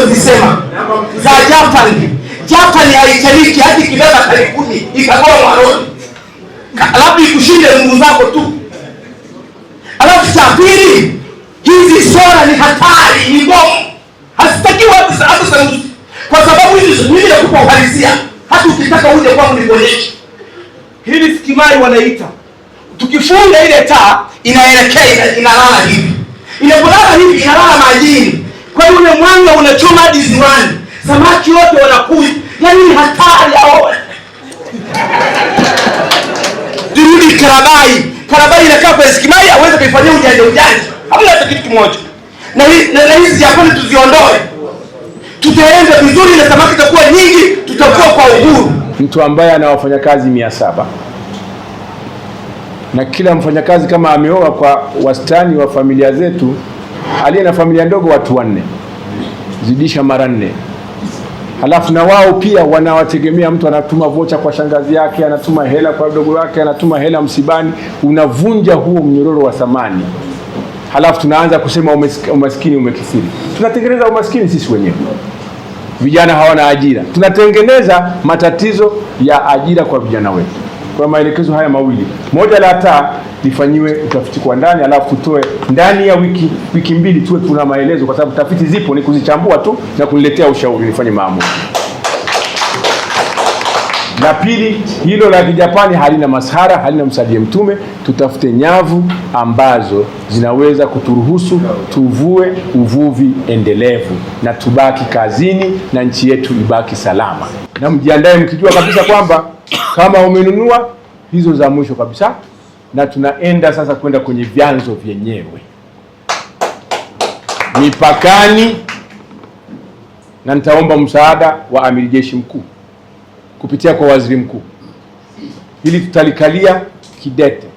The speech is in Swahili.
nilizozisema za Japani. Japani haichemiki hadi kibeba karibuni ikakuwa mwaroni, labda ikushinde nguvu zako tu. Alafu cha pili, hizi sora ni hatari, ni bomu, hazitakiwa hata sauti, kwa sababu hizi mimi nakupa uhalisia. Hata ukitaka uje kwangu nikuonyeshe hili sikimai wanaita, tukifunga ile taa inaelekea inalala hivi, inapolala hivi inalala majini kwa hiyo ule mwanga unachoma hadi ziwani, samaki wote wanakuja. Yaani ni hatari hao. Turudi Karabai. Karabai inakaa kwa Eskimai hawezi kuifanyia ujanja ujanja. Hamna hata kitu kimoja. Na hizi Japani tuziondoe. Tutaenda vizuri na samaki zitakuwa nyingi, tutakuwa kwa uhuru. Mtu ambaye ana wafanyakazi mia na kila mfanyakazi kama ameoa kwa wastani wa familia zetu aliye na familia ndogo watu wanne, zidisha mara nne. Halafu na wao pia wanawategemea, mtu anatuma vocha kwa shangazi yake, anatuma hela kwa mdogo wake, anatuma hela msibani. Unavunja huo mnyororo wa thamani, halafu tunaanza kusema umaskini umekithiri. Tunatengeneza umaskini sisi wenyewe. Vijana hawana ajira, tunatengeneza matatizo ya ajira kwa vijana wetu. Kwa maelekezo haya mawili, moja la taa lifanyiwe utafiti kwa ndani, alafu tutoe ndani ya wiki wiki mbili, tuwe tuna maelezo, kwa sababu tafiti zipo, ni kuzichambua tu na kuniletea ushauri nifanye maamuzi. La pili, hilo la Kijapani halina mashara halina msalie mtume. Tutafute nyavu ambazo zinaweza kuturuhusu tuvue uvuvi endelevu na tubaki kazini na nchi yetu ibaki salama, na mjiandae mkijua kabisa kwamba kama umenunua hizo za mwisho kabisa na tunaenda sasa kwenda kwenye vyanzo vyenyewe mipakani, na nitaomba msaada wa amiri jeshi mkuu kupitia kwa waziri mkuu, ili tutalikalia kidete